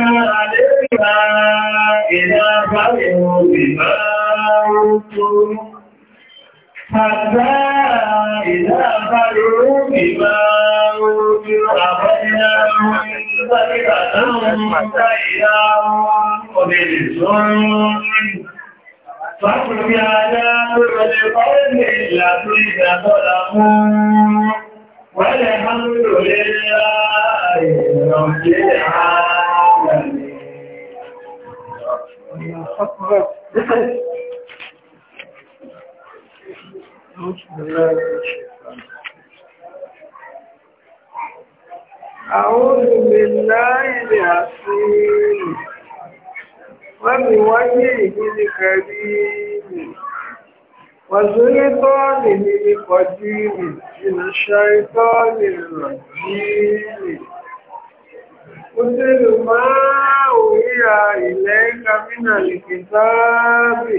عليها إذا فرحوا بما أوتوا حتى إذا فرحوا بما أوتوا أخذناهم ضربة سيئة وبالسر فاصبر على كل قول الذين ظلموا والحمد لله رب العالمين أعوذ بالله العظيم وبوجهه الكريم وسلطانه القديم من الشيطان الرجيم Òṣèlú máa òríra ilẹ̀ Kamina Likitabi.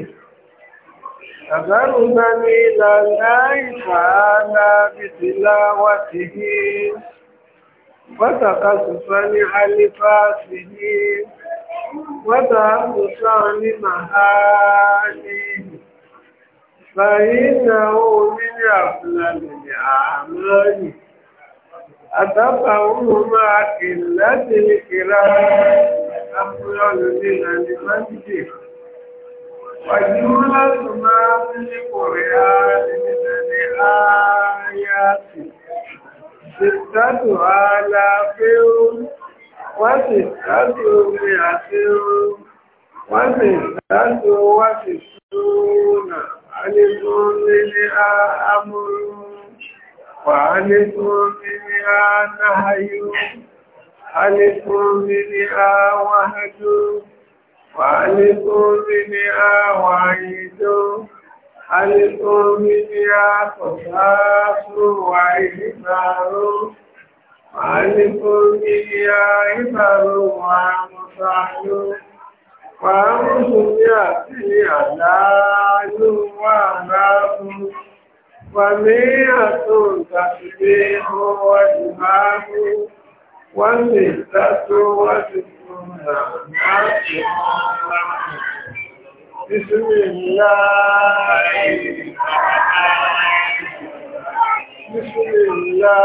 Àgbàrúgbà ní ìlànà ìfààlà bìtìlá wà sí ní. Wátàkà sùfà ní Alifa sí ní. Wátàkà sùfà ní Mahali. Fàyínà ó ní àfúlàlẹ̀ أتبعوا مع قلة الكلام أفضل من المسجد وجملة ما في القرآن من الآيات ستة آلاف وستة مئة وستة وستون ألف للأمر وألف للأمر hayo alikpo ii wao gwalepo riri anwao alekpọ riri afọ naụ nwanị rụ gwalepo riri ịbaụaụnụ gwaụbụeiinaanụ nwa na-apụrụ فمئة تسبيح وجهاه وستة وستون بسم الله بسم الله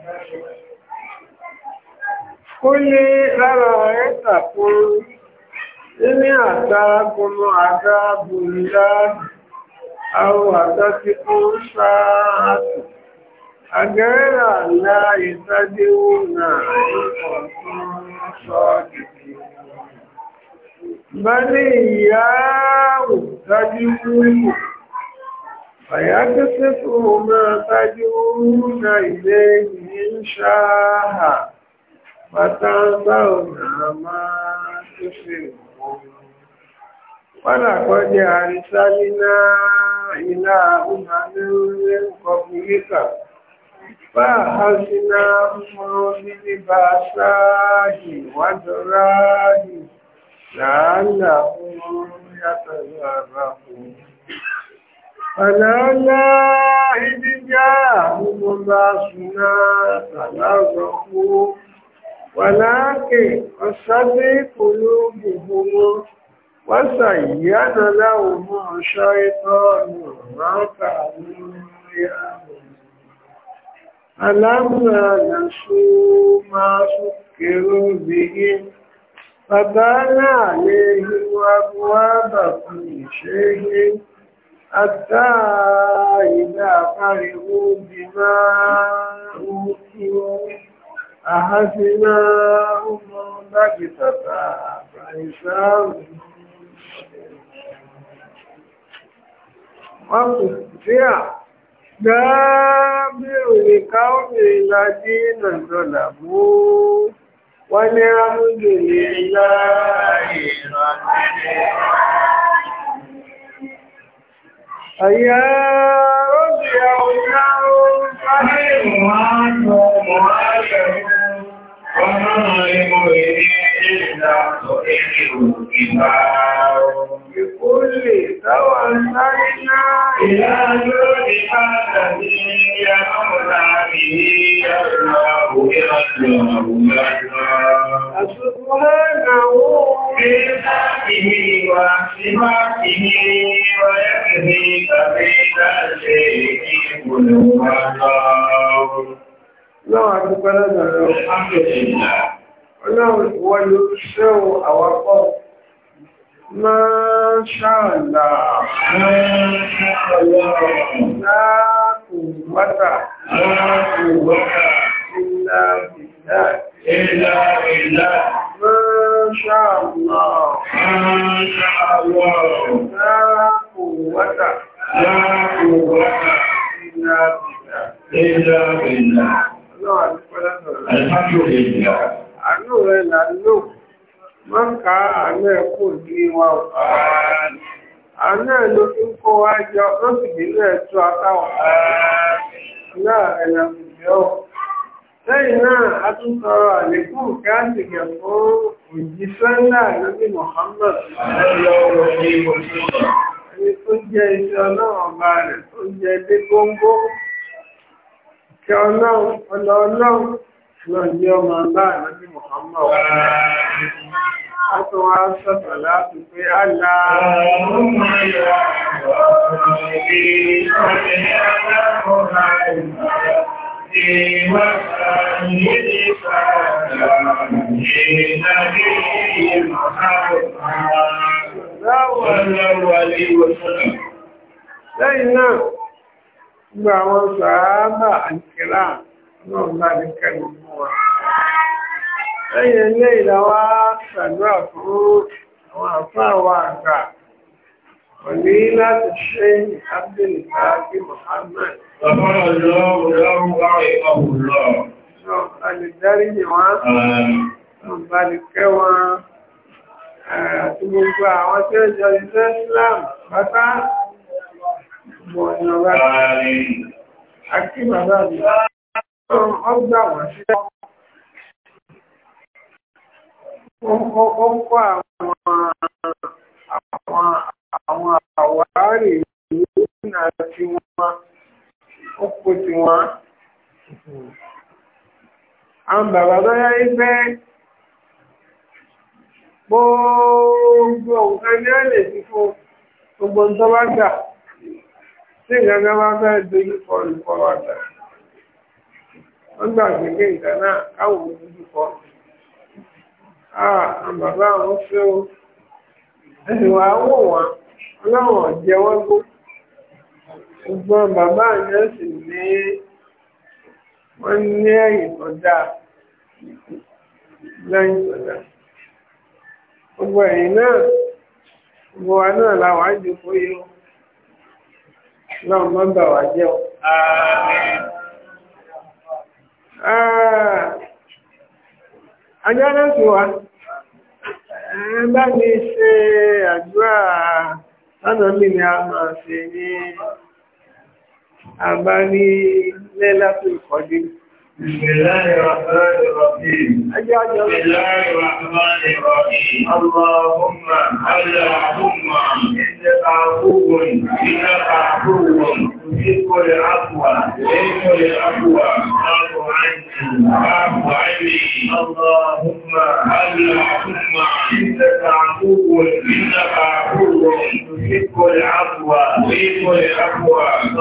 Thank you kó lé lára rẹ̀ tàkùn ní àtàkùnmọ́ àdáàbò ìlàdì àwọn àtàkì fún sáàtù àgẹ́rẹ́rà ńlá ìsádéwò náà nípa fún sọ́ọ̀dìdì bá ní ìyá òtájú wúlò àyájọ́ fún ọmọ tájú wúlò ilé ìṣáà فتنسون ما تشركون ولقد أرسلنا إلى أمم من قبلك فأخذناهم بالبأساء والضراء لعلهم يتضرعون فلولا إذ جاءهم بأسنا تضرعوا ولكن قصدي قلوبهم وزين لهم الشيطان ما كانوا يعملون ألما نسوا ما سكروا به فبان عليهم أبواب كل شيء حتى إذا فرغوا بما أوتوا أحسنا أمم بكتة فإنسان وقفتها دابر لقوم الذين ظلموا والحمد لله رب العالمين أيا رب يا الله فإن وعدوا Ọlọ́run lè táwà láyé náà ìyá yóò ní pàtà ní ìyàmọ́ta ní ìyàmọ́ òkè ọ̀tọ̀ òmìnira. Àṣùgbọ́n náà ó rí láti ní ìwà sí máa ti ní ìwà ẹ̀kẹ́ ní ìtàbí láti ìkí ìpòlò Lọ́wọ́ àdúgbẹ́ lọ́dọ̀ rẹ̀ ọlọ́run ìwọ ló ṣẹ́ o àwapọ̀. Máa ṣáàlà, máa ṣáàlà. àríwí Muhammad ẹni tó jẹ́ iṣẹ́ ọlọ́run ọba rẹ̀ tó jẹ́ dé góńgó kí ọlọ́run ọlọ́run lọ́jọ́ ọmọ bá àríwí Muhammad a tó wá sọ̀tọ̀ láti pé àlá Thank you. Lẹ́yìn náà, gba àwọn sàábà àkìrà náà bá ní kẹrù mú wa. Lẹ́yìn ilé ìlàwà ṣàdúrà fún àwọn àfáà wa àgbà. فضيلة الشيخ عبد الباقي محمد غفر الله له ورحمه الله Àlèdáríjì wọn, àbàlìkẹ́ wọn, àti gbogbo àwọn tí ó jọ ilé Islam pátá bọ̀nyàn bá àti bàbá mi. Ọgbà wọ́n sí ó àwọn bàbá tó yá wípé gbogbo nǹkan ní ó lè fún gbogbo tó bá gbà tí ìgbàgbà bá fẹ́ dojú kọ olùkọ́ wa gbà wọ́n gbà gbẹ̀gbẹ̀ ìgbà náà káwọn ojú kọ fẹ́ o wò wọ́n gbó bàbá yẹn sì ní wọ́n ní ẹ̀yìn tó lẹ́yìn ìsọ̀dá gbogbo ẹ̀yìn náà gbogbo wa náà làwọn àjò fóyè o náà má bà wá jẹ́ o. ajá náà sì wá bá mi ṣe àdúrà lánàá mi ni a máa ṣe ní àbá ní lẹ́lá tó ìkọ́jú. بسم الله الرحمن الرحيم بسم الله الرحمن الرحيم اللهم اللهم أمم. انك عفو انك عفو منك للعفو منك للعفو اعف عني اعف عني اللهم اللهم انك عفو انك عفو منك العفو منك العفو اعف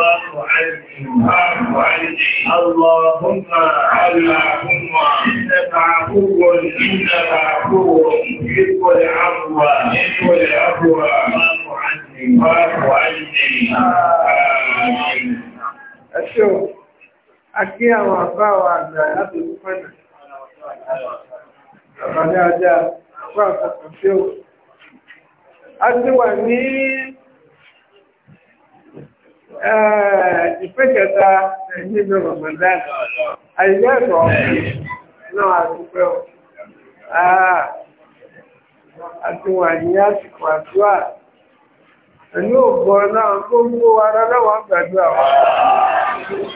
عني اعف عني اللهم اللهم انك عفو انك عفو منك العفو منك العفو Akí àwọn àbáwà àgbà láti púpọ̀nà. Àbádá ajá àpá àpapọ̀ tí ó. A ti wà ní ìfẹ́kẹta nínú Ramadan. Àìyẹ́ ẹ̀kọ́ náà àdúgbẹ́ ọ̀. A ti wà ní àsìkò àdúrà. Ẹ̀lú ògbọ́n náà gbogbo ara lọ́wọ́ àgbàdo àwọn.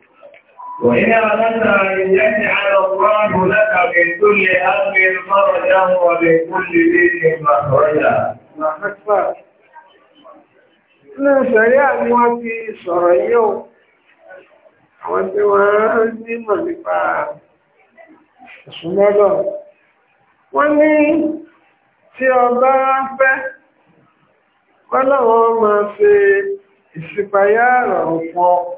وإن أردت أن يجعل الله لك من كل هم فرجا ومن كل دين مخرجا. Ilé ìṣẹ̀rí àmì wọ́n ti sọ̀rọ̀ yóò, àwọn tí wọ́n nímọ̀ nípa ìṣúnmọ́lọ̀. Wọ́n ní tí ọba fẹ́, wọ́n láwọn máa ṣe ìṣípayá àrọ̀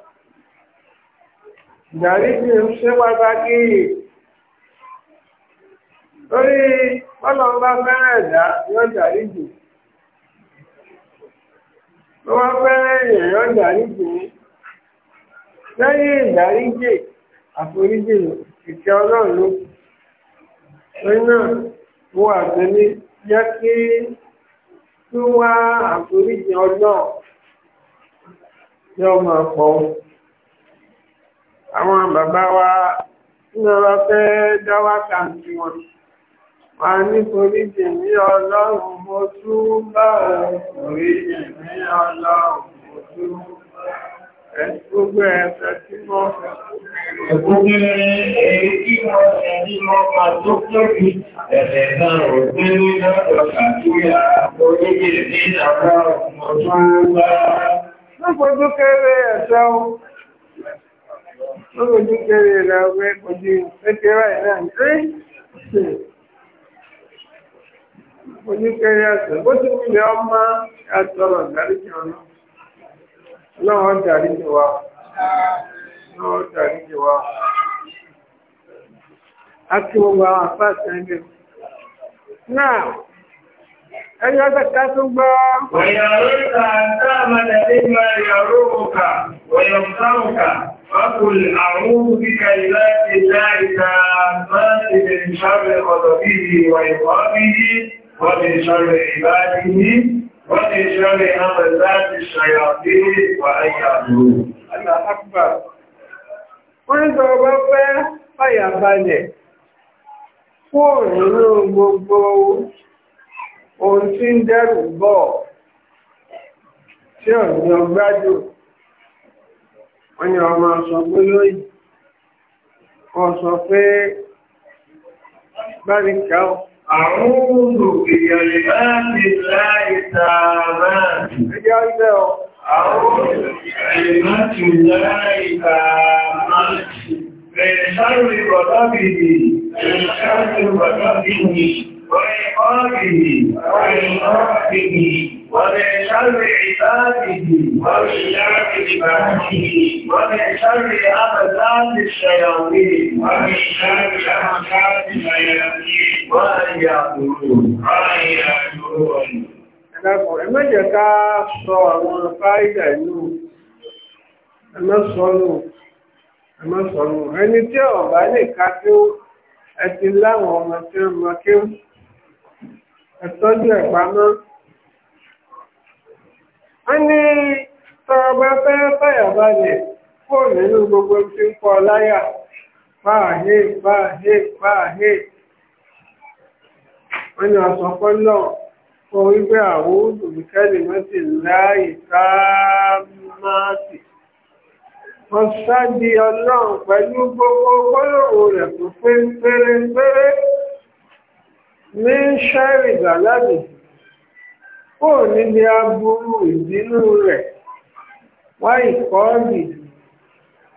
ìdáríjì ń ṣe pàtàkì torí ọlọ́run bá fẹ́rẹ̀ ẹ̀dá yóò dáríjì tó wá fẹ́rẹ̀ èèyàn yóò dáríjì lẹ́yìn ìdáríjì àforíjì ìkẹ́ náà wo kí tí àforíjì máa àwọn bàbá wa lọ́rọ̀ fẹ́ dáwà kàǹtì wọn wà nítorí jèmí ọlọ́run mo tún bá òkúrí jèmí ọlọ́run mo tún Gbogbo ẹ̀fẹ́ tí wọ́n fẹ́. Ẹ̀kùn ẹ̀rẹ́ kí wọ́n fẹ́ ní ọmọ tó kí ẹ̀fẹ́ náà rò pé ní lọ́dọ̀ ṣàtúyà orílẹ̀ lórí ojú kẹrẹ ìlà ọgbẹ́ ojú ẹgbẹ́ra ìlà ìgbẹ́ ojú kẹrẹ àtọ̀ bó ti wù lẹ́ ọmọ àtọ̀rọ̀ dáríjì ọ̀nà lọ́wọ́ dáríjì wa lọ́wọ́ dáríjì wa a gbogbo àwọn àpá àtẹ́ńdẹ̀ náà Ẹjọ́ tẹ́ta tún gbọ́. Òyàwó ìta àtàmàdà nígbà ìyàwó òkà, فقل أعوذ بكلمات الله تامات من شر غضبه وعقابه ومن شر عباده ومن شر همزات الشياطين وأن يعبدون الله أكبر wọ́n sọ ọgbọ́ pé ọ̀yà balẹ̀ fún òrùnú gbogbo ohun tí ń dẹ́rù bọ̀ tí ọ̀gbọ́n gbádùn wọ́n ní ọmọ sọ pé lóyìn kọ́ sọ pé báyìí kà ó. Àwọn olùgbìyànjú láti láì tààmà. Ẹjọ́ ilẹ̀ ọ. Àwọn olùgbìyànjú láti láì tààmà. Bẹ̀rẹ̀ sáré bọ̀dá bìbì, bẹ̀rẹ̀ sáré bọ̀dá bìbì, ومن شر عباده ومن شر عباده ومن شر أمثال الشياطين ومن شر أمثال الشياطين وأن يقولون وأن ká sọ àwọn fáìdà inú ẹmọ́sọ́nù ẹmọ́sọ́nù ẹni tí ọ̀bá lè ká tí ó ẹti láwọn ọmọ tí ó mọ́ kí ó ẹ̀tọ́jú ẹ̀pamọ́ wọ́n ní tọ́ọ̀bá fẹ́ fàyàbalẹ̀ fóònù nínú gbogbo tí ń pọ̀ láyà fàáhé fàáhé fàáhé wọ́n ní ọ̀sọ̀kọ́ náà kọ wípé àwọn olùkẹ́lì mọ́tì láàyè sáàmáàtì wọ́n sáàdì ọlọ́run pẹ̀lú gbogbo gbọ́lọ̀wò rẹ̀ tó pé pérépéré ní ṣẹ́rì gàlábì kó níbi aburú ìbínú rẹ̀ wá ìkọ́ọ̀bì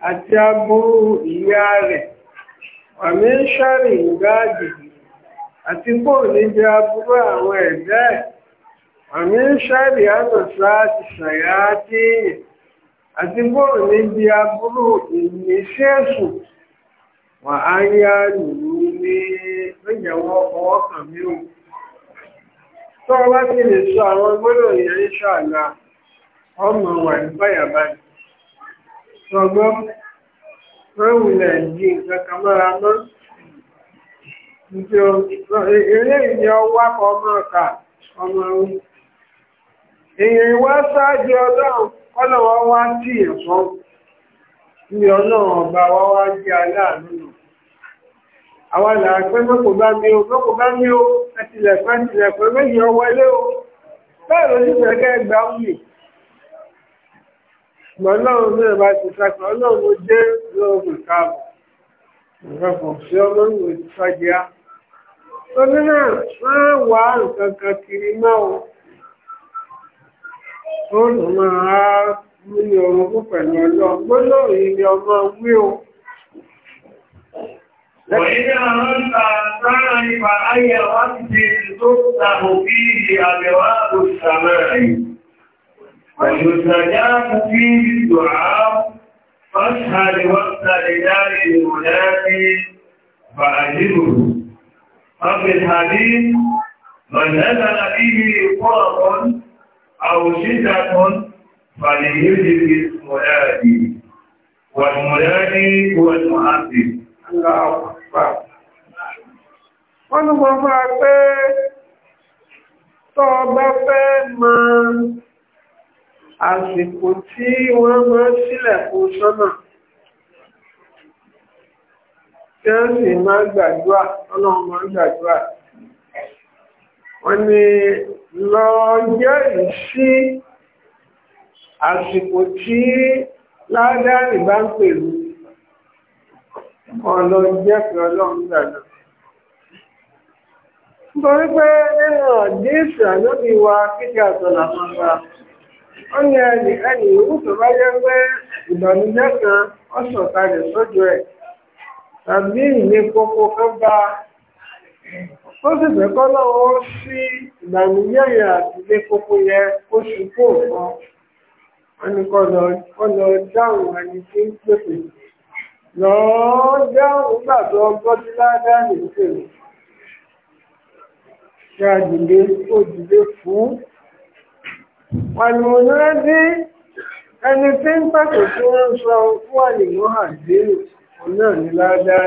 àti aburú ìyá rẹ̀ wàmí ń ṣàrì ìgáàdì àti kó níbi aburú àwọn ẹ̀dá ẹ̀ wàmí ń ṣàrì ànàṣà àti ṣàyà àti kó níbi aburú wà á yá tó o bá ti lè sọ àwọn gbọ́dọ̀ yẹn ń ṣàlà ọmọ wà ní báyàbáyà sọgbọ́n rẹ́wùlẹ̀ yìí nǹkan mọ́ra mọ́ ilé ìní ọwá kan máa kà ọmọ orí èèyàn ìwá sáájú ọlọ́run wá tí ní àwọn àlàáfẹ́ mẹ́kò bá mi o mẹ́kò bá mi o ẹtìlẹ̀fẹ́ ẹtìlẹ̀fẹ́ méjì ọwọ́ ilé o bẹ́ẹ̀ ló ti fẹ́kẹ́ ẹgbà wùmí ọlọ́run ní ẹ̀bá ti sáfà ọlọ́run ló dé lọ́rùn káàbọ̀ ìrọ̀pọ̀ sí ọlọ́run ló ti sájá torí náà máa wà nǹkan kan kiri máa o ó lọ máa mú ní ọrùn pẹ̀lú ọlọ́run gbólóhùn ni ọmọ wí o. وإذا أنت تعرف أي وقت تفتح فيه أبواب السماء ويستجاب فيه الدعاء فاشهد وقت رجال المنادي فأجبه ففي الحديث من نزل به قرب أو شدة فليجب المنادي والمنادي هو المؤذن الله wọ́n ní mo fún ẹ pé tọ́ ọgbẹ́ fẹ́ mọ àsìkò tí wọ́n máa sílẹ̀ fún sọ́nà tí wọ́n sì máa gbàdúrà ọlọ́run máa gbàdúrà wọ́n ní lọ jẹ́rìí sí àsìkò tí ládàá ìbá ń pè ọlọ́run jẹ́ pé ọlọ́run gbàgbọ́. nítorí pé nínú àdéhùn àlóbi wa kíkẹ́ àtọ̀nà kan gba ó ní ẹnì ẹnì ìwú tó bá jẹ́ pé ìbànújẹ́ kan sójú ẹ̀ tàbí kókó kan bá ó sì lọ́wọ́ sí ìbànújẹ́ yẹn àti ilé kókó lọ́ọ́ ẹni tí ń pàtó tí ń sọ fún àlùmọ́ àdéhùn ọ̀nà ní ládàá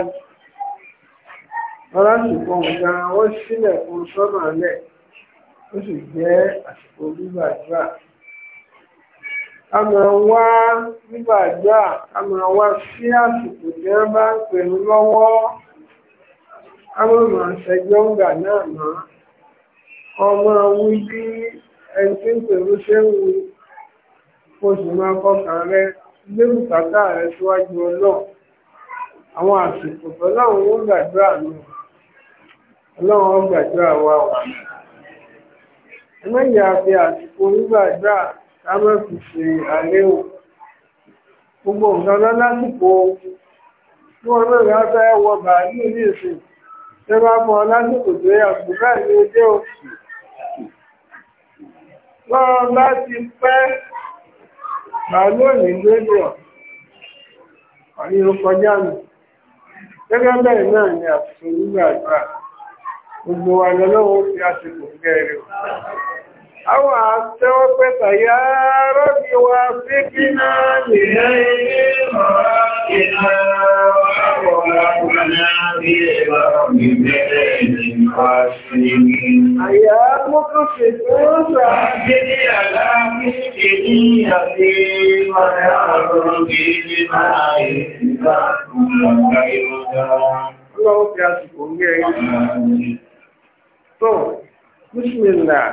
lásìkò ọ̀gá wọ́n sílẹ̀ fún sọ́nà alẹ́ ó sì jẹ́ àsìkò gbígbàdúrà a máa wá nígbàgbà a máa wá sí àsìkò tí wọ́n bá ń pè mí lọ́wọ́ a máa máa ṣẹjọ́ ńgbà náà mọ́ ọmọ wí bí ẹni tí ń pè ṣe ń wí kó máa kọkàn rẹ gbé bùkátà rẹ síwájú ọlọ́run àwọn àsìkò tọ́láwọn ó gbàdúrà náà ọlọ́run ó gbàdúrà wà. ẹ má yà á fi àsìkò nígbàdúrà ká má fi ṣe àléwò gbogbo nǹkan lọ lásìkò tí wọn náà bá fẹ́ wọ bàálù ní ìsìn tí wọn bá mọ lásìkò tó yà kú ojú bá ti pẹ́ bàálù òní ọ̀ gẹ́gẹ́ bẹ́ẹ̀ náà ni nígbà gbogbo àwọn àṣẹ ọpẹ́ tàyà rọ́bí wa sí bí náà lè ilé ọ̀rá ìlà àwọn àgbàlá bí ẹ̀bá ìbẹ̀rẹ̀ ìjìnká sí ní. Àyà mọ́kàn ṣe tó sàájé ní àlàáfí èyí àti ọ̀rẹ́ àrùn gẹ́gẹ́ máa ìsìnká lọ́gbà ìrọ̀dá. Ọlọ́run fi àsìkò ń gẹ́ Bismillah.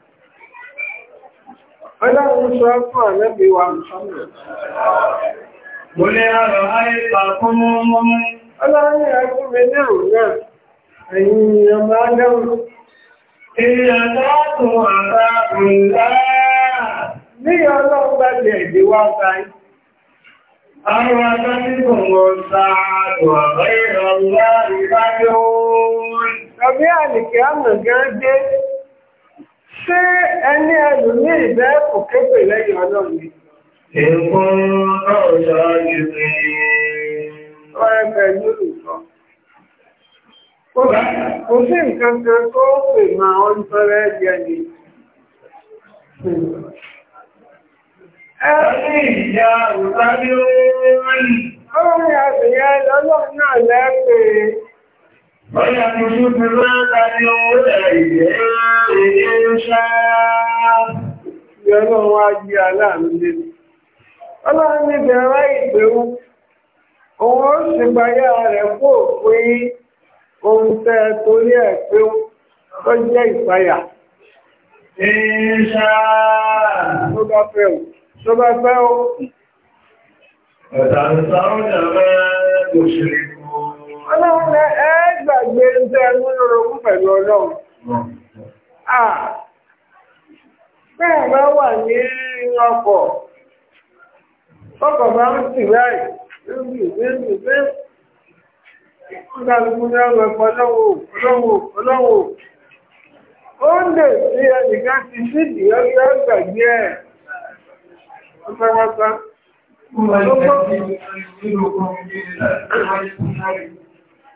Ọlọ́run sọ fún àlẹ́bí wa Mùsùlùmí. Mo lè àrọ̀ àìpa fún ọmọ Ọlọ́run ẹgbẹ́ mi ní àrùn náà, ẹ̀yìn ọmọ Adáwọ̀. Ìyàtọ̀ àbá ìlà. Ní ọlọ́run bá ti ẹ̀dẹ̀ wá Àwọn akẹ́kọ̀ọ́ wọn sáàdùn àbẹ́ ìrọ̀lá ìbáyọ̀. Ọbí àlìkẹ́ àmọ̀ gán ṣé ẹni ẹlòmíì ìbẹ́ kò képe lẹ́yìn ọlọ́run ni. Èkún náà ṣáájú ni. Ọ̀rẹ́ pẹ̀lú olùkọ́. Kò sí nǹkan kan tó pè máa ń tọ́rẹ́ jẹ ni. Ẹni ìyá òtábí ó ń rí. Ó rí àbìyẹ lọ́lọ́run náà lẹ́pẹ̀ẹ́. ويكشف ماذا يوليه إن شاء Ìjọba wa jí aláàmì lè. Ọlọ́run ní bẹ̀rẹ̀ ìgbèrú, òun ó sì gbáyà rẹ̀ kó òfin ohun tẹ́ torí ẹ̀ pé ó jẹ́ ìpayà. Ìṣà tó bá fẹ́ o, tó bá fẹ́ o. Ọ̀tà ń sáwọn ìjọba kò ṣe gbàgbé ń tẹ́ múnú rogún pẹ̀lú ọlọ́run. Bẹ́ẹ̀ bá wà ní ọkọ̀, ọkọ̀ bá ń sì ráì, lórí ìgbésù pé ọgbàlùkú ní ọgbà ẹ̀kọ́ lọ́wọ́ Ó ń lè sí ẹnìkan ti sídìí ọgbà ẹ̀.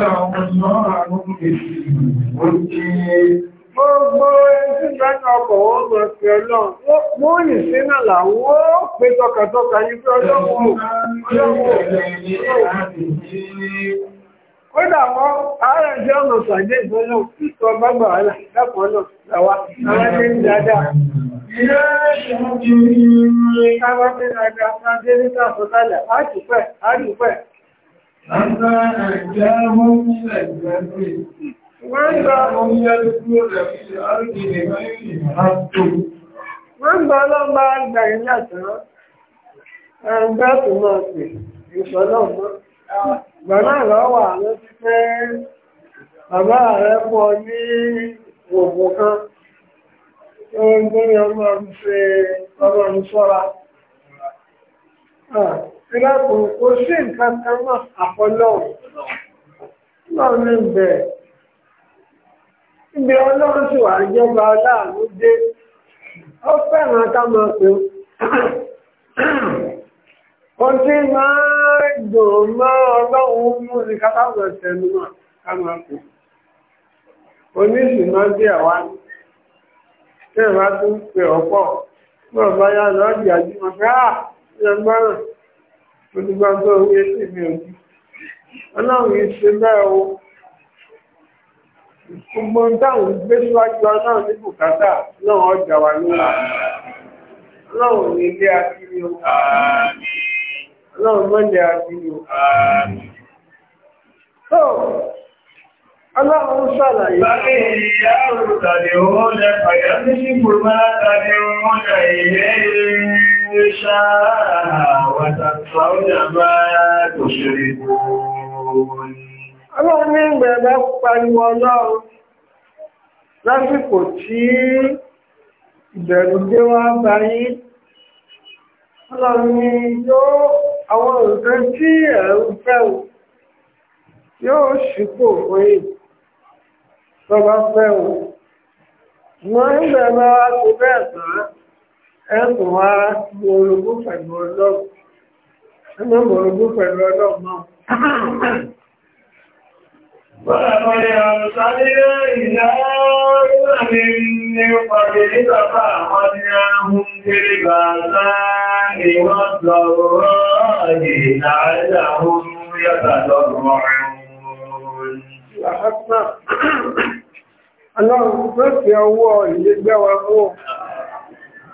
Gbogbo ẹgbẹ́ ìgbẹ́ni ọkọ̀ wọ́n mọ̀ sí ọlọ́run, wọ́n yìí sí náà làwọ́ pé tọkàtọkà yìí pé ọlọ́run Kódà wọ́n, ààrẹ jẹ́ ọ̀nà sàdé ìgbọ́nà ìtọ́ bágbà wàhálà lápọ̀ náà làwà, àwọn ẹgbẹ́ ń dáadáa. Ilé أما أنجاهم للذين وإذا هم يدخلون في الأرض بغير حق وإذا لم أنجاهم ẹgbẹ́ tó máa pè ìṣọ́lọ́ mọ́. Bàbá rẹ̀ wà ló ti pé bàbá rẹ̀ kan ọmọ ọmọ ìlàkùn kò sí nǹkan kan náà àfọlọ́run náà ní bẹ̀ ibi ọlọ́run sì wà jọba aláàánú dé ó fẹ́ràn ká máa pè ó tí máa dùn mọ́ ọlọ́run a ní kápákọ̀ tẹnu náà ká máa pè oníṣìná díẹ̀ wá tí ìbá tún olùgbàgbọ́ orí ẹsẹ̀ mi ò ní ọlọ́run yìí ṣe bẹ́ẹ̀ o gbogbo gbé ọlọ́run ní bùkátà náà ọjà wà lóra ọlọ́run ní ilé o ọlọ́run mọ́lẹ̀ o. ọlọ́run ṣàlàyé. yá lẹ́yìn شاء وتقصون ما تشركون Ọlọ́run ọlọ́run lásìkò tí ìbẹ̀rù dé wá bá yí. Ọlọ́run ní yóò àwọn nǹkan tí ẹ̀rù fẹ́wò yóò ṣípò fún èyí tọ́bá Mọ́ ìgbẹ̀rẹ̀ ẹ̀kùn wá gbòrògbò pẹ̀lú ọlọ́run ẹmọ́ gbòrògbò pẹ̀lú ọlọ́run náà Wọ́n yà sáré ìlà ìlànà ní pàdé ní bàbá àwọn ní ahun kiri bàbá ìwọ́n lọ́rọ̀ ìlà ìlàhun yàtà lọ́rọ̀ Ọlọ́run tó fi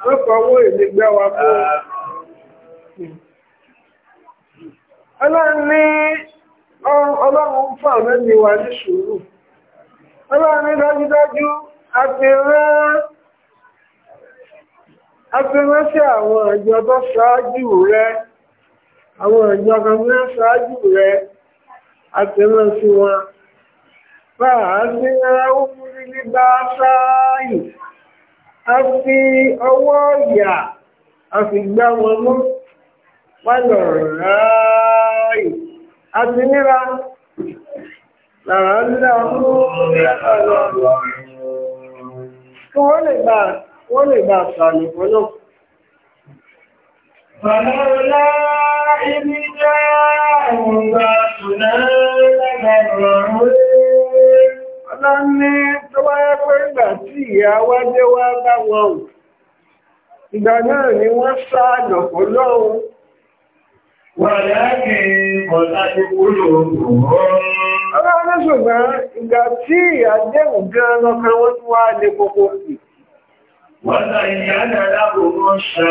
wọ́n fọwọ́ èmi gbẹ́ wa fún ọlọ́run ní ọlọ́run fún àwọn ẹni wa ní sùúrù ọlọ́run ní dájúdájú afẹ́rán sí àwọn ìjọ tó ṣáájú rẹ àwọn ìjọ kan ṣáájú rẹ afẹ́rán sí wọn bá a sí ẹ̀rọ ó múrí ní bá sáàyè a fi ọwọ́ yà a fi gbá wọn mú pálọ̀ ráàyè a ti níra lára ńlá mú lọ́pọ̀lọpọ̀ kí wọ́n lè bá wọ́n lè bá sàmì fọ́nà. Fàlọ́lá ibi jẹ́ àwọn ọgbà ṣùgbọ́n lẹ́gbẹ̀rún. Ọlá ní tí ìyá wá dé wá bá wọn ìgbà náà ni wọ́n sá lọ̀pọ̀ lọ́hùn Ọlọ́run ṣùgbọ́n ìgbà tí àdéhùn gan lọ́kàn wọ́n tún wá lè kókó sí. Wọ́n tàn ìyá dára kò mọ́ ṣe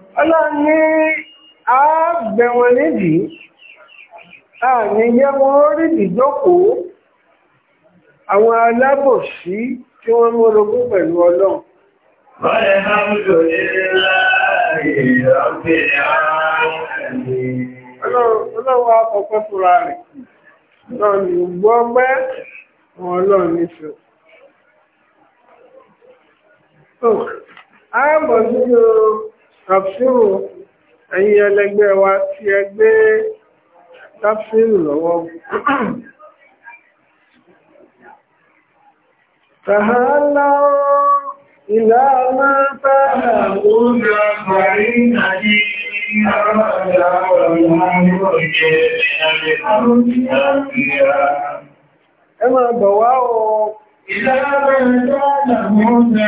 ọlọ́run ní ààbẹ̀wọ̀n nídìí ààrin jẹ́ wọ́n rídìí jókòó àwọn alábòsí tí wọ́n mú orogún pẹ̀lú ọlọ́run Bọ́lẹ̀ máa ń lò ní láàrin ọ̀pẹ̀ ààrin. Ọlọ́run akọ̀pẹ́ fúra rẹ̀. Ọlọ́run ìgbọ́ pẹ́, ọlọ́run nífẹ̀ẹ́. Ààbọ̀ sí tafsiru ẹ̀yin ẹlẹgbẹ́ wa tí ẹ gbé tafsiru lọ́wọ́ tàhálà ìlà máa tààlà oúnjẹ àgbàrí nàíjí Àrọ̀dá ọ̀rọ̀ ìwọ̀n ìjẹ́ ìrìnàjẹ́ àwọn ìrìnàjẹ́ ẹ máa bọ̀ ọ̀. Ìlànà ìjọ́ ọ̀nà mọ́ ọ̀nà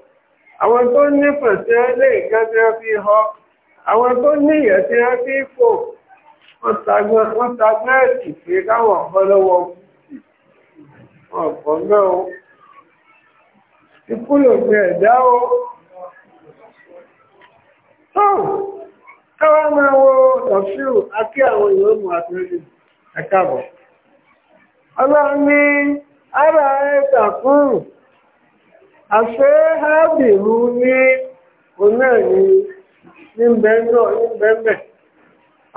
àwọn tó ní pẹ̀sẹ̀ lè kan tí wọ́n fi họ àwọn tó ní ìyẹ̀ tí wọ́n fi fò wọ́n tagbẹ́ ẹ̀sì pé káwọn ọ̀pọ̀ lọ́wọ́ ọ̀pọ̀ náà ó ikú ló gbé ẹ̀dá ó tó káwọn máa wo ọ̀fíù akí àwọn ìlú àtúnṣe ẹ̀kàbọ̀ àṣẹ hábìrú ní onáàní ní bẹ́ẹ̀nà ní bẹ́ẹ̀bẹ̀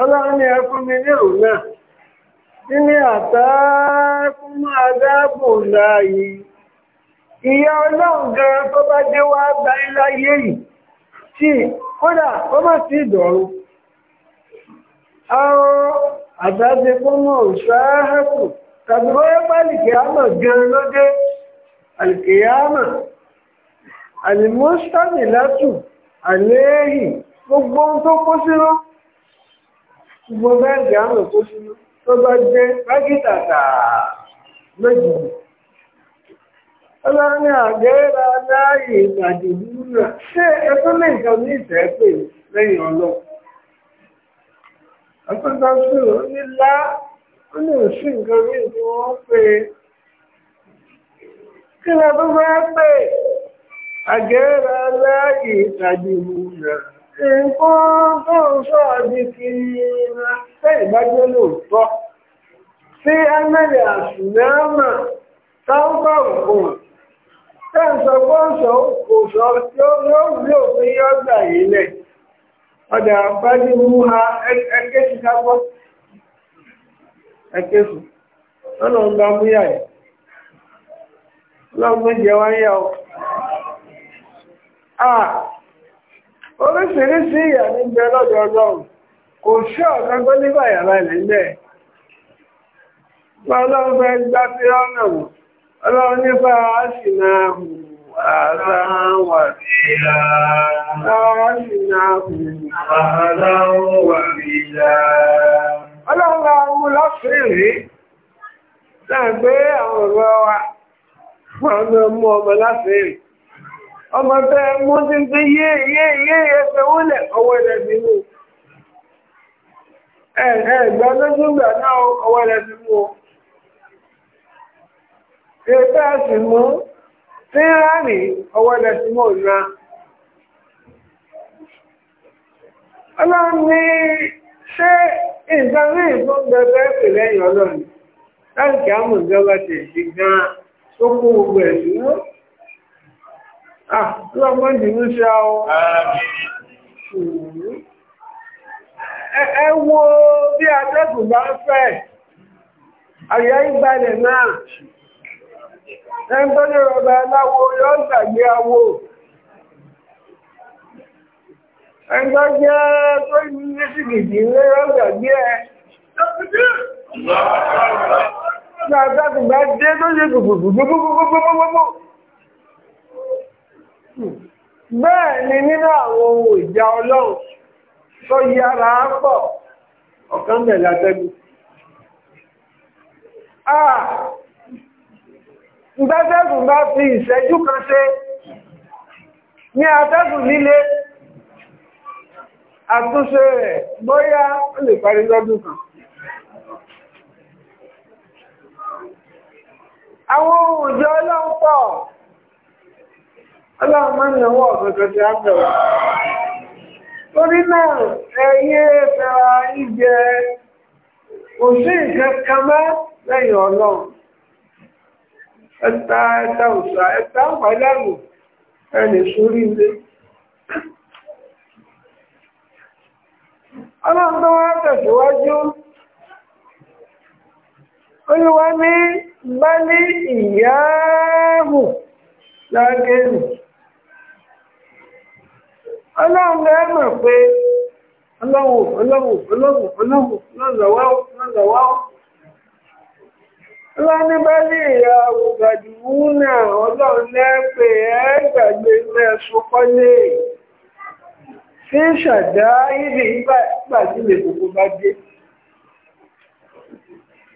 ọlọ́run ni ẹ mi ní òun náà nílé àtàkùn máa dáàbò ọlọ́run gan tó bá dé wá báyìí láyé yìí tí kódà ó má sí ìdọ̀rùn àwọn tàbí wọ́n gan lóde àlìmọ́sánì látù àléèyìn gbogbo ohun tó kó sínú gbogbo bẹ́ẹ̀gì àmì kó sínú tó bá jẹ́ bákítàtà méjì ọlọ́rin àgẹ́rà láàyè ìgbàdì náà ṣé ẹkọ́ lè ní ìfẹ́ pè lẹ́yìn ọlọ́run ọ̀pọ̀lọpọ̀ sọ̀rọ̀ pè A لا يتدمون إن كنتم صادقين فإبدوا لطة في أمل أسلام sọ tí ó lóòrò fi ọgbà ilẹ̀ ọdá bá ní mú ha ẹkẹ́sì sápọ́ ẹkẹ́sì ọlọ́run bá mú yà ẹ̀ ọlọ́run oríṣiríṣi ìyà ní jẹ lọ́dọ̀ ọlọ́run kò sí ọ̀kan tó ní bàyàbà nílẹ̀ ọlọ́run fẹ́ gbá sí ọ̀nà wọn ọlọ́run nípa àṣìnà wà sí ìlà àṣìnà ààrá wà sí mú lọ́fẹ́rẹ́ náà gbé àwọn ọ̀rọ̀ ọmọ ọmọ tẹ mú ti ń pé yé yé yé ẹsẹ̀ wọlé ọwọ́ ilẹ̀ ti mú ẹ ẹ gbọ́ lójú gbà náà ọwọ́ ilẹ̀ ti mú o ètò ẹ̀sìn mú tí rárì ọwọ́ ilẹ̀ ti mú òyìnbá ọlọ́run ní ṣé nǹkan ní ìfúngbẹ̀fẹ́ pè lẹ́yìn ọlọ́run láti kí á mú ìjọba tẹ̀sí gan-an tó kó gbogbo ẹ̀sìn náà. Ah, lọ́gbọ́n dìbò ṣe ahụ. Ẹ wo bí atẹ́kùn bá fẹ́, àyà ìgbàlẹ̀ náà. Ẹ ọba awo. tó ní ní ẹ. bẹ́ẹ̀ ni nínú àwọn ohun ìjà ọlọ́run tó yára pọ̀ ọ̀kan bẹ̀rẹ̀ àtẹ́gùn àà ìgbẹ́sẹ̀gùn bá fi ìṣẹ́jú kan ṣe ní atẹ́gùn líle àtúnṣe rẹ̀ bóyá ó lè parí lọ́dún kan àwọn ohun ìjà ọlọ́run pọ̀ Ọlọ́run máa ń náwó ọ̀gọ̀gọ̀ tí a ń bẹ̀rẹ̀. Torí náà, ẹyẹ fẹ́ra ìjẹ kò sí nǹkan kan mọ́ lẹ́yìn ọlọ́run. Ẹta ẹta òṣà ẹta pàdánù ẹni sórí ilé. Ọlọ́run wá tẹ̀síwájú. Olúwa ní bá ní ìyáàbù lágẹ́rù ọlọ́run rẹ̀ mọ̀ pé ọlọ́run ọlọ́run ọlọ́run ọlọ́run lọ́lọ́wọ́ lọ́lọ́wọ́ ọlọ́ni bá lè ya ògbàdìmú náà ọlọ́run lẹ́pẹ̀ ẹ́ gbàgbé mẹ́sùn kọ́lé sí ṣàdá ìdí ìgbàdí lè gbogbo bá dé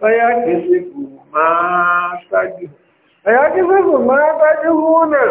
ọyá kèsè kò máa ṣáájú ọyá kèsè kò máa ṣáájú hùn náà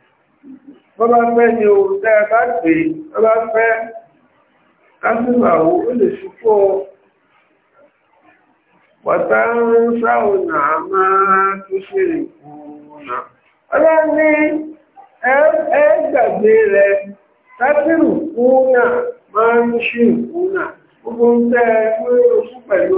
ọ fẹ́ ni o tẹ́ bá pè é bá fẹ́ lásìgbàwó ó lè ṣúkú ọ pọ̀tà ń na máa tó ṣe ìkùnà ẹ rẹ máa ń ṣe ìkùnà gbogbo ń tẹ́ oṣù pẹ̀lú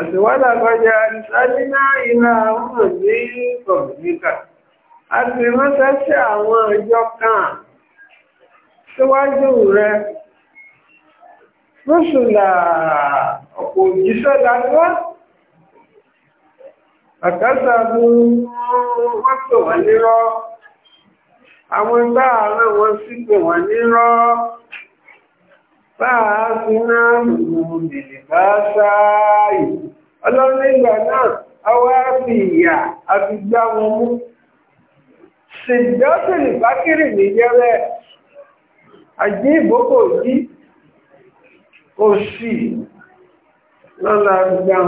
àtìwádà kọjá ìsájínà iná àwọn ní kọ̀mùníkà àti ránṣẹ́ sí àwọn ìjọ kan síwájú rẹ rúṣùlà ọ̀pọ̀ òjíṣẹ́ lásán àkásà mú wọ́n pè wọ́n nírọ́ àwọn ìgbà àárẹ̀ wọn sì pè wọ́n nírọ́. fàáfínà lòun lèlè bá sáàyè ọlọ́run náà awá fi ìyà àti wọn mú ṣèjọ́sìn ìbákiri ní yẹ́rẹ́ àjí ìbókò yí òsì lọ́la gbà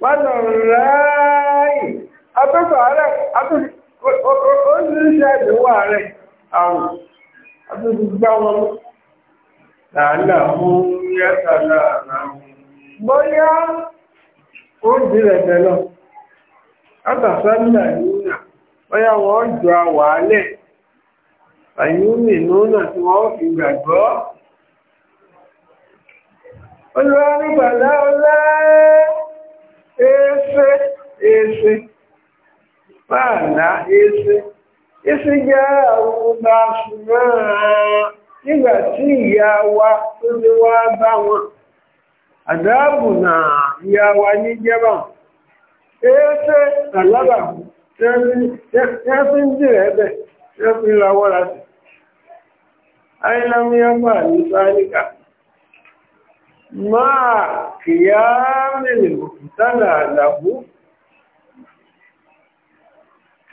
wọ́nà ráàyè afẹ́fẹ́ ààrẹ ó ń ṣe àbúrú gbá wọn làálà mú yẹ́ta láàrá bóyá ó di lọ àyúnmì lónà tí wọ́n fi gbàgbọ́ olúwa nígbà láọlá ẹsẹ ẹsẹ báàlá ìsì jẹ́ àwùgbà ṣùgbọ́n nígbà tí ìyá wa tó lè wá bá wọn àdáàbù náà ìyá wa ní jẹ́bà ẹ̀ẹ́sẹ̀ àlábà tẹ́ẹ̀fí ń jìrẹ̀ ẹ̀bẹ̀ tẹ́ẹ̀fí àdàbù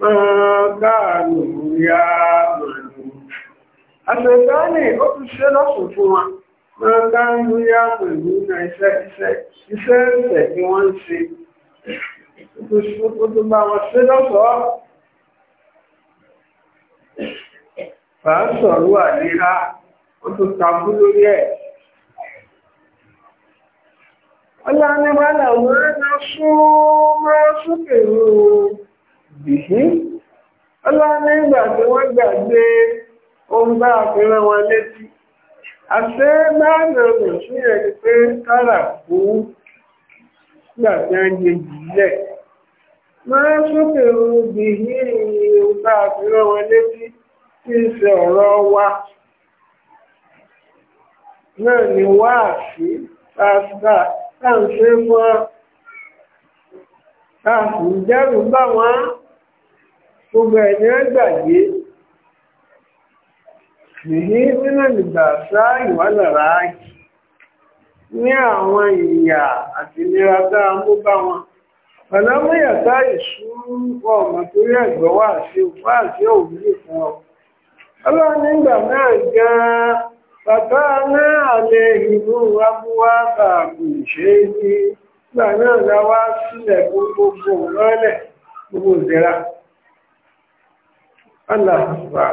káàlù ya màlù. Àṣẹ̀dáni ó ti ṣe lọ́sùn fún wa, máa káàlù ya màlù na iṣẹ́ iṣẹ́ iṣẹ́ ẹ̀sẹ̀ tí wọ́n ń ṣe. Ó tó bá wọn ṣe lọ́sọ̀ọ́. Fàásọ̀rọ̀ wà níra, ó tó takú lórí ẹ̀. Ọlá ní wọ́n làwọn ẹ̀nà sún mọ́ sókè rúrú bìí ọlọ́ni ìgbà tí wọ́n gbàgbé ohun bá àfihàn wọn létí àṣẹ báàbẹ̀ rẹ̀ sí ẹni pé kára fún ìgbà tí wọ́n jẹ máa sókè ohun bìí ohun bá àfihàn létí tí ń ṣe ọ̀rọ̀ wa náà ni wáàsí pásítà táà ń ṣe fún ọ́ táà bá wọn. gbogbo ẹni àgbàgbé nìyí nínú ìgbà sáà ìwádà ní àwọn ìyà àti ìlera tá bá wọn pẹ̀lọ́mú yàtá ìṣúrúkọ ọmọ tó rí ẹ̀gbọ́ sí òfá àti òwúlò fún ọ ọlọ́run náà gan bàbá náà alẹ́ ìlú bàbù ṣe é ní náà la wá sílẹ̀ gbogbo gbogbo aláàbà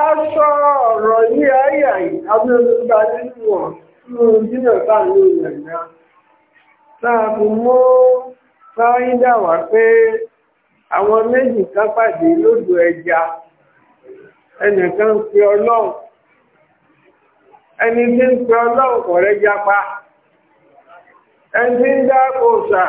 a sọ ọ̀rọ̀ ní ayà abúrúgbà nínú wọn nínú jínà sáàlú ìrìnà láàbù mọ́ fáyídà wà pé àwọn méjì kan pàdé lódò ẹja ẹnìkan pe ọlọ́run ẹni tí ń pe ọlọ́run kọ̀rẹ́ japa ẹni tí ń dá kò sàá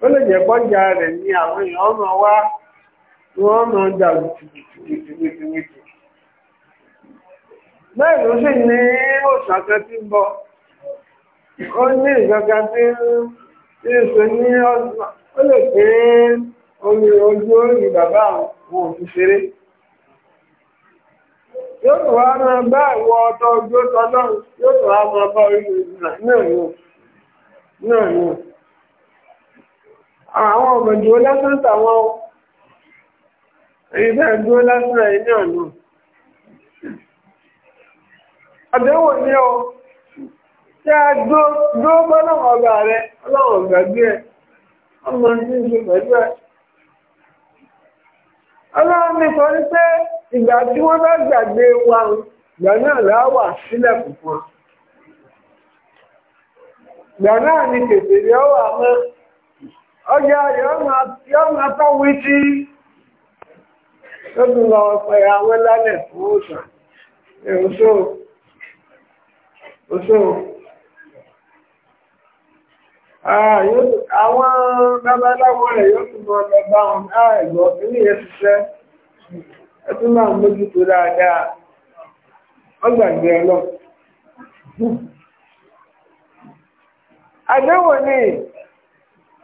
ó lè jẹ́ rẹ̀ ní àwọn èèyàn ọ̀nà wá ni wọ́n máa wìtìwìtìwìtìwìtì. bẹ́ẹ̀ ló sì ní òòsàn kan tí ń bọ̀ ó ní ìjọba tí ń ṣe ní ọ̀sán ó lè pé omi ojú orí bàbá àwọn òfin ṣeré. yóò tún wá máa ọtọ ojú ọtọ náà yóò tún wá máa bá orí ìrìnà náà náà àwọn ọmọ ìdúró lásán tàwọn ọ ìdá ìdúró lásán ẹ̀ ní ọ̀nà àdéhùn ní ọ tí a dúró bọ́ lọ́wọ́ ọgbà rẹ ọlọ́wọ́ gbàgbé ẹ ọmọ ní pẹ̀lú ọlọ́run tí wọ́n bá gbàgbé wa ìgbà náà láwà sílẹ̀ ìgbà náà ni kèfèrè ọjà rẹ̀ na atọ́wí tí ó tún lọ pẹ̀ àwọn lálẹ̀ fún òṣà ẹ̀rọ̀ṣọ́ òṣò àwọn babaláwo rẹ̀ yóò tún mọ́ ọba wọn ẹ̀gbọ́ nílé ẹ̀ ṣiṣẹ́ ẹ tún máa tó dáadáa ọgbàgbé ọlọ́ ni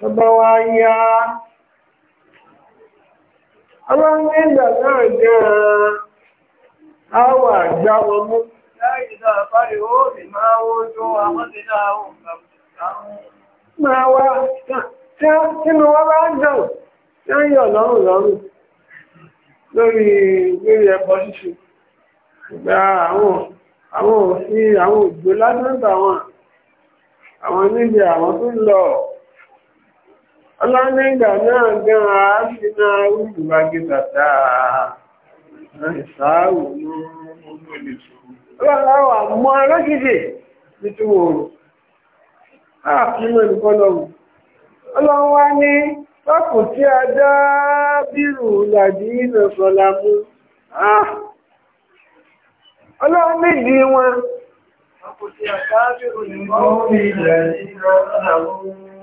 tó bá wá yá ọlọ́run nígbà náà gan-an á wà gbá wọn mú. Máa wá tí mo wá bá dàn tí ó yọ̀ lọ́rùn lọ́rùn lórí lórí ẹbọ ṣíṣe. Ìgbà àwọn àwọn òfin àwọn òjò lásán àwọn àwọn níbi àwọn tó lọ ọlọ́nìgbà náà gan ààbì náà rúrùwà gẹ́gàtà ìsáàwò ní ọmọ ilé ṣùgbọ́n ọlọ́wà mọ́ alágídé nítorí oòrùn ààfihàn ìkọlọ̀wù ọlọ́wà ní pàkù tí a dá bírù làdí ìnà sọ́lá mú ọlọ́wà méjì wọn pàkù tí a dá bírù làdí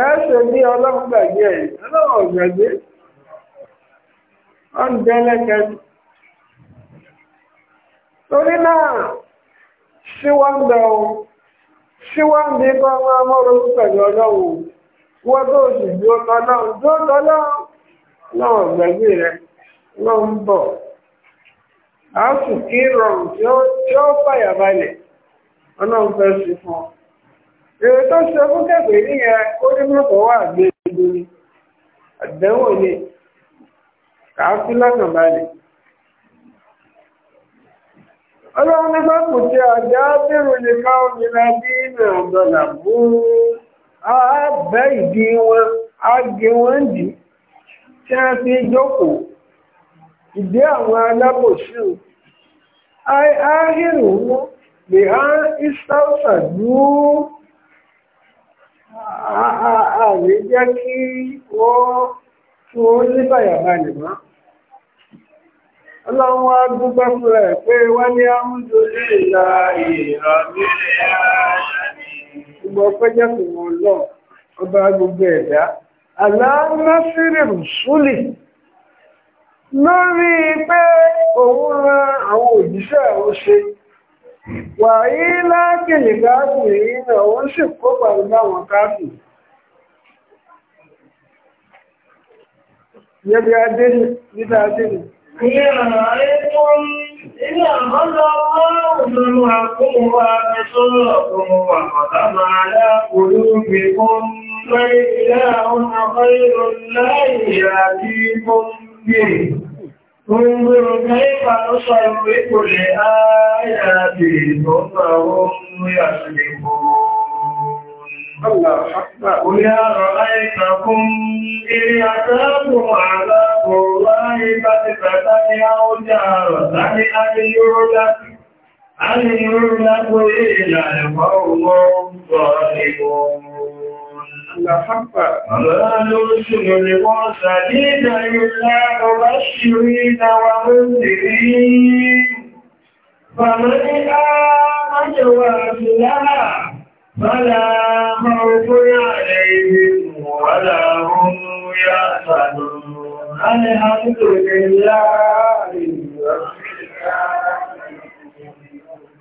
ẹ ṣe ní ọlọ́run gbàgbé ẹ̀ ọlọ́run gbàgbé ọ̀n dẹ́lẹ́kẹ́ torí náà síwáńdà o síwáńdì bá máa tó sì dúró tọ́lọ́run dúró rẹ̀ ló ń bọ̀ a sì kí rọrùn tí ó èrò tó sọ fún kẹfẹ nìyẹn ó ní mọ́tò wà gbé gbóni ni kàáfí lọ́nà balẹ̀. ọlọ́run ní bá kò tí àjá bẹ̀rù lè ká omi lábí ìnà ọ̀dọ́là bú a ìdí wọn wọn dì tí a fi jókòó ìdí àwọn alábòsí wọn lè há àmì jẹ́ kí wọ́n ní bàyàbàlẹ̀ mọ́. Ọlọ́run wá dúgbẹ́ fún rẹ̀ pé wá ní àmúdó lè la ìrọ̀lẹ́ ìgbọ̀ lọ ọba gbogbo lórí pé òun àwọn òjíṣẹ́ wàyí lákìlì káàkiri iná ó sì kó pẹ̀lú àwọn káàkiri yẹ́bí adé níta adé nì Ìyá ọmọ ọ̀rọ̀ ìrọ̀lá ìyàtí fún bí i. انظر كيف نصرف لآياتي ثم هم يسلمون قل أرأيتكم إن يتاكم عذاب الله بكتة أو جارة أن يهلك أن يهلك إلى القوم الظالمون aaa ioye a-ahụee ee ụa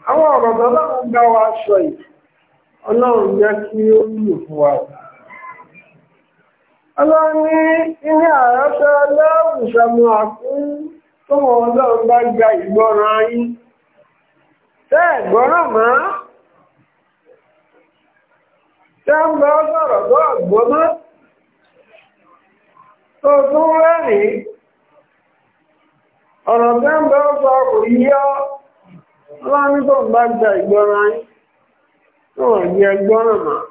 aọnwa ọgogọ gawa so ọnụụyaluụa ọlọ́ní ilé àrọ́sọ ọlọ́rùsọmọ àkún tó ọlọ́run bá gba ìgbọ́ràn ayín tẹ́ ẹ̀gbọ́ràn mọ́ tẹ́ ń bá sọ̀rọ̀ tó tó tún ọ̀rọ̀ tẹ́ ń bọ́ sọ yíyọ́ ọlọ́ní ń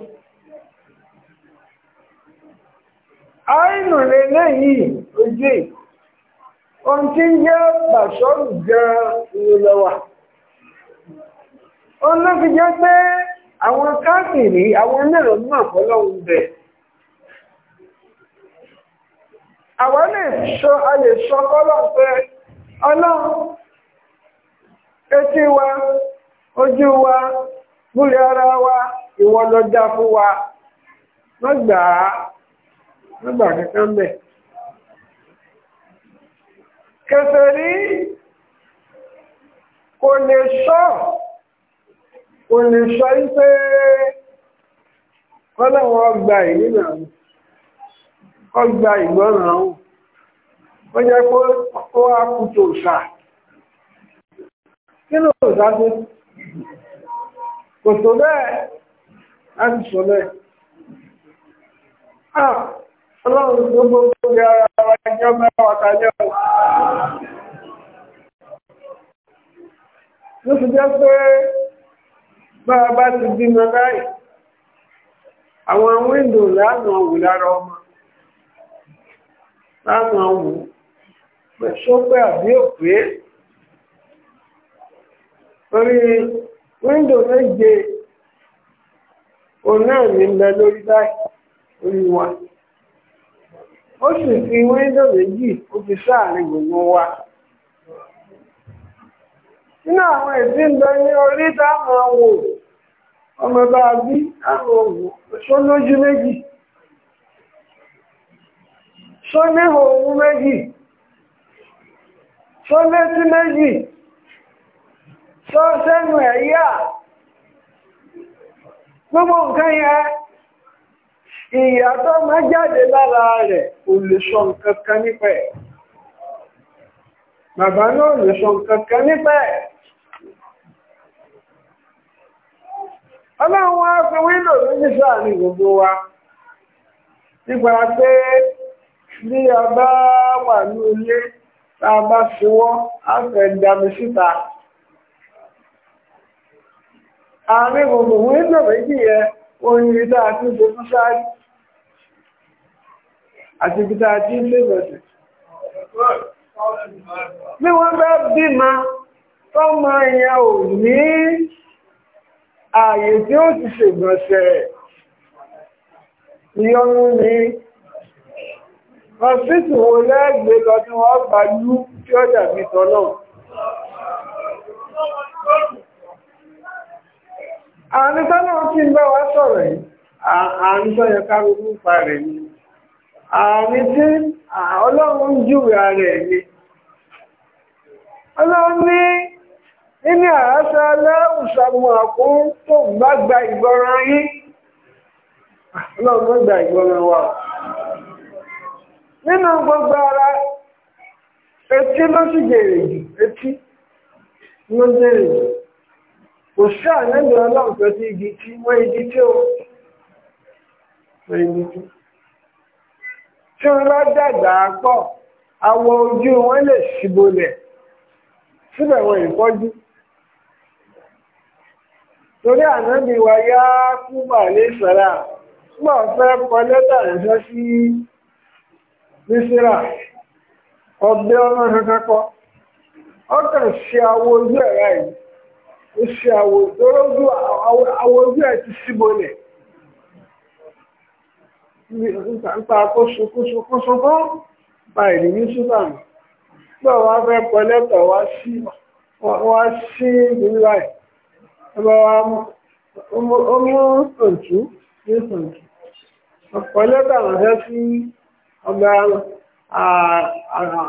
àìnù lélẹ́ yìí ojú ohun tí ń jẹ́ bàṣọ́rù gan-an ìlú lọ́wà ohun ló fi jẹ́ pé àwọn káàkiri àwọn mẹ́rọ náà fọ́lọ́hun bẹ̀ àwọn lè sọ a sọ kọ́lọ́hun pé ọlọ́run etí wa ojú wa múlẹ̀ ara wa ìwọ ló fún wa wọ́n gbà á nígbà kankan bẹ̀. kèfèrí kò lè sọ kò lè sọ wípé ọlọ́wọ́ gba ìrìnà ọgbà ìgbọ́ràn ọ̀hún ó jẹ́ pé ó wá kú tó kí ló sá kò tó bẹ́ẹ̀ láti Ọlọ́run tó gbogbo ní ara wa jẹ́ mẹ́wàá kalẹ́ ọ̀. Ló fi jẹ́ pé bá a bá ti bímọ báyìí, àwọn wíńdò lánàá wù lára ọmọ. Lánàá wù pẹ̀sọ́ pé àbí òpé. Orí wíńdò méje, òun náà ní ń bẹ lórí báyìí, orí ó sì fi wíńdò méjì ó fi sáàrin gbogbo wa nínú àwọn ìdí ń ní orí táwọn wò ọmọ bá bí àwọn òwò ṣó méjì ṣó méjì ṣó méjì gbogbo nǹkan yẹn ìyà tó má jáde lára rẹ̀ ò nkankan sọ nǹkan kan bàbá náà lè sọ nǹkan kan nípa ẹ̀ ọlọ́run á fi wíńdò méjì gbogbo wa nígbà pé ní a bá wà ní ilé a bá ṣíwọ́ á fẹ́ síta gbogbo wíńdò méjì àti ibi tá a ti ń lébọ̀dẹ̀. Bí wọ́n bá bímọ, tọ́mọ ìyẹn ò ní ààyè tí ó ti ṣègbọ̀nsẹ̀ ìyọnu ni. Ọ̀sítì wo lẹ́gbẹ̀ẹ́ lọ tí wọ́n gbà lú tí ó dàbí tọ́nà. Àrùn tọ́nà ti ń bá wa sọ̀rọ̀ yìí, àrùn tọ́yẹ ká pa rẹ̀ ni. àmì tí ọlọ́run jùwà rẹ̀ ni ọlọ́run ní nínú àásá aláwùsàmù àkún tó bá gba ìgbọ́ràn yín ọlọ́run tó wa nínú gbogbo ara etí ló sì jèrè jù etí ló jù kò sí igi tí wọ́n igi tí ó tí wọ́n bá dàgbà pọ̀ àwọ̀ ojú wọn lè ṣìbolẹ̀ síbẹ̀ wọn ìfọ́jú torí ànábì wa yá kúbà lè sọ́ra mọ̀ fẹ́ kọ lẹ́tà rẹ̀ sí mísírà ọgbẹ́ ọmọ kankan kọ́ ọkàn ṣe àwọ̀ ojú ẹ̀rá yìí ó ṣe àwọ̀ ojú ẹ̀ ti ṣìbolẹ̀ nípa kó sunkún sunkún ìlú ní wá fẹ́ pọ̀ wá sí ẹ̀ wa ní òǹtú ọ̀pọ̀ lẹ́tọ̀ sí ọba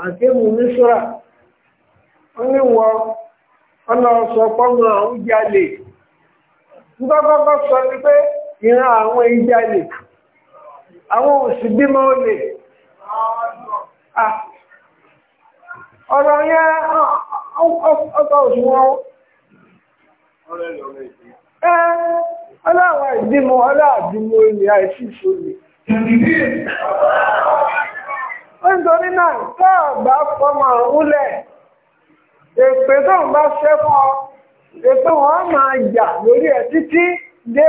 àkéwù ní sọ pé ìran àwọn àwọn òsì bímọ olè ọ̀rọ̀ yẹn ọgbà òṣùwọ̀n ọlọ́wà ìdímọ̀ ọlọ́àdímọ̀ olè àìsí ìṣòlè nítorí náà tọ́ọ̀bá fọmọ òúnlẹ̀ èpè tó ń bá ṣẹ́fọ́ èpè wọ́n máa jà lórí ẹ̀ títí dé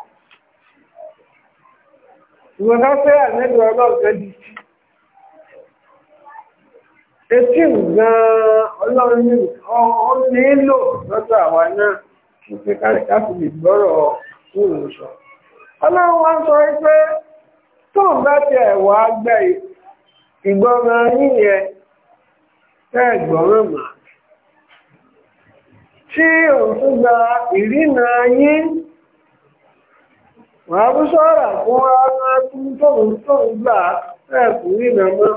ìwọ̀n a fẹ́ àmẹ́lú ọlọ́ọ̀fẹ́ etí gan-an ọlọ́run nílò lọ́dọ̀ àwa náà kí pé káàkiri lè gbọ́rọ̀ òun sọ ọlọ́run wá sọ pé tóun bá ti ẹ̀wọ̀ agbẹ́ tí òun gba ìrìnà yín màá bú sọ́ra fún ara tún tóun tóun gbà ẹ̀kú ìnà mọ́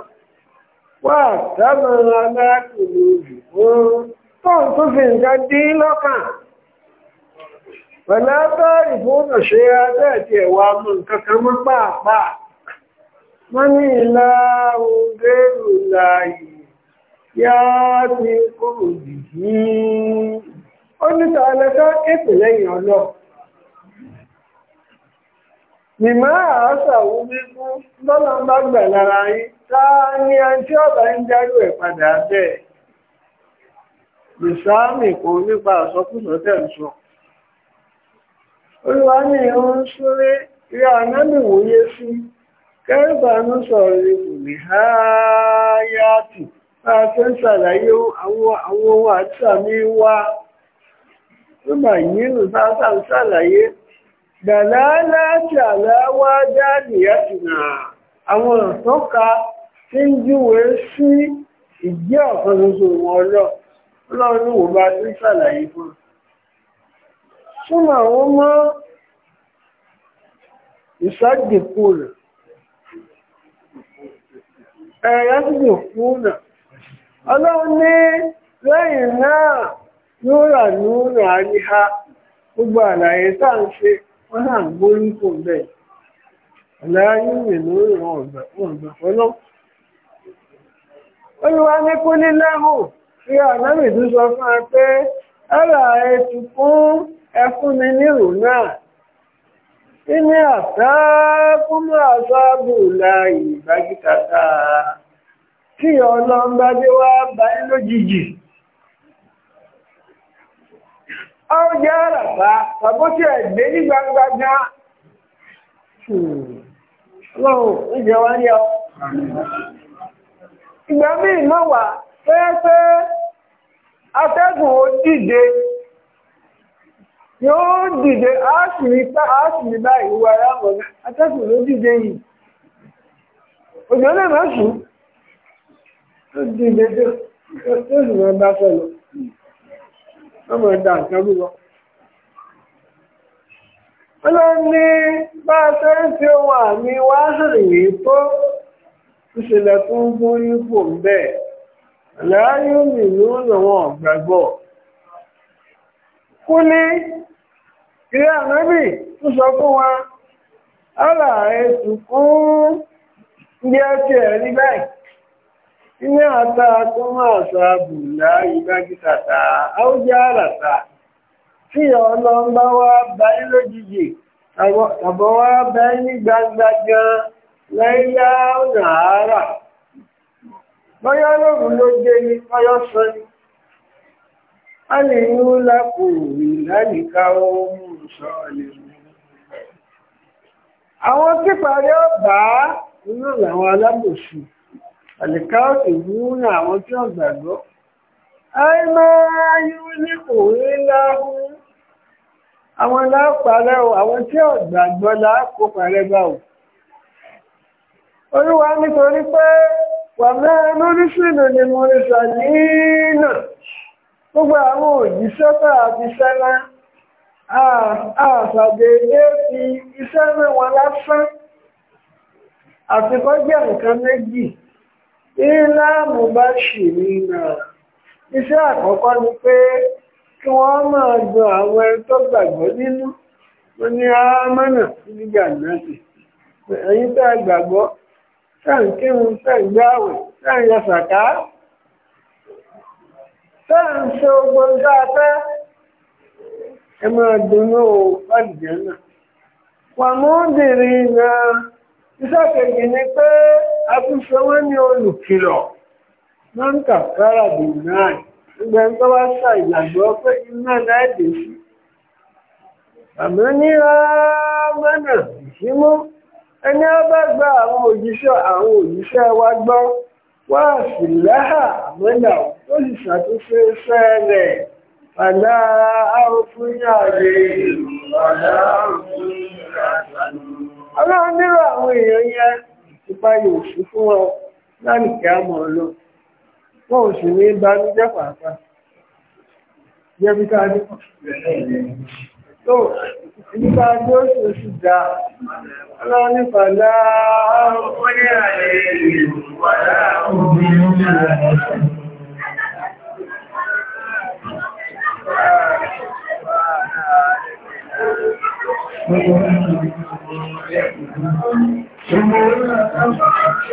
wà dáná aláàkùnrin òjò fún tóun tó fi nǹkan dín lọ́kàn pẹ̀lú abẹ́rì fún ṣe adẹ́ẹ̀tì ẹ̀wà mọ̀ nǹkan kan mọ́ pàápàá wọ́n ní ìlà láàyè yá ti ó kéèpè lẹ́yìn ọlọ́ọ̀ Ìmọ̀ asa wíkú lọ́nà bá gbà anyị, taa táá ní àti ọ̀bá ń járú ẹ̀ padà bẹ́ẹ̀. Ìsáàmì kò nípa àsọkùsọ tẹ̀ ń sọ. Olúwa ní ìhun súré rí ànábì wòye sí. Kẹ́rìbánú sọ̀rọ̀ ikù ní háyàtì bá a fẹ́ ṣàlàyé àwọn ohun dàlálàtì àláwá jáàdìyàtìnà àwọn ìtọ́ka tí ń júwe sí ìjẹ́ ọ̀kan wọn lọ lọ́rùn wò bá ti ṣàlàyé fún súnmọ́ mọ́ ìṣàdìkú rẹ̀ ẹ̀yà sì rẹ̀ ọlọ́run ní lẹ́yìn náà àríhá gbogbo àlàyé wọ́n sà ń gbórí kò bẹ́ẹ̀ ọ̀lára yóò rìn lórí ìran ọ̀gbà ọ̀gbà fọlọ́. olúwa ní kó ní lẹ́hùn bí ànábì tún sọ fún wa pé ẹ̀rọ ètò fún ẹfún mi ní ìrò náà ní àṣà kúmọ̀ àṣàbù láàyè ìbágítàtà kí ọlọ́mbadé wá báyé lójijì. ọ jẹ́ àràbá àbótí ní gbangba gan lọ́wọ́ ìjẹ wá ní ọ ìgbà míì mọ́ wà pẹ́ẹ́pẹ́ atẹ́gùn yóò dìde báyìí wà láwọn atẹ́gùn yìí òjò má sùn ó dìde tó ọmọ ẹ̀dà nǹkan rú lọ. ọlọ́run ní bá a ṣe ń fi ohun àmì wá hàn ní tó ìṣẹ̀lẹ̀ tó ń gún ipò bẹ́ẹ̀ láàárín omi ló ń lọ wọn gbàgbọ́. kú ní ilé ànábì tó sọ fún wa ọ̀là ètùkú ń jẹ́ tiẹ̀ rí báyìí. Iná àta tó máa sọ àbùlá ìbágítàtà, àwùjá àràtà, tí bá wá báyé lójijì, tàbọ̀ wá ní gbangba gan láyá ọ̀nà àárà. Bọ́yá lóòrùn ló jẹ́ ní ọyọ́ sọ ni. A lè ní ó lápò ohun sọ àlìkáàtì múnà àwọn tí wọ́n gbàgbọ́ àìmáyú ní òwe láhùn àwọn lápàálẹ̀ o àwọn tí wọ́n gbàgbọ́ láàkó parẹ́ bá o olúwa nítorí pé wà mẹ́rin oníṣìnà ni mo rí sà nínà gbogbo àwọn òjíṣẹ́ bá àti sẹ́lá àṣàdédé fi iṣẹ́ rẹ̀ wọn lásán àti kọjá nǹkan méjì ìlàmù bá ṣì nínà iṣẹ́ àkọ́kọ́ ni pé kí wọ́n máa dùn àwọn ẹni tó gbàgbọ́ nínú mo ní àmọ́nà nígbà náà ẹ̀yin tẹ́ gbàgbọ́ tẹ́ ń kírun tẹ́ ogun ẹ máa náà àtúnṣe onwe ní olùkìlọ̀ máa ń kà kára bì náà gbogbo ẹni tó bá ṣà ìgbàgbọ́ pé iná láìdè sí àmọ́ ẹni ọba gba àwọn àwọn wa wá sí láhà sì ṣàtúnṣe padà ọlọ́run àwọn ìfá yóò sí fún wọn lánìkẹ́ àmọ́ lọ wọn ò sì ní banújẹ́ pàápàá jẹ́bi ká dé tó nípa tí ó sì sì dá ọlọ́run nípa Thank you. Quemar la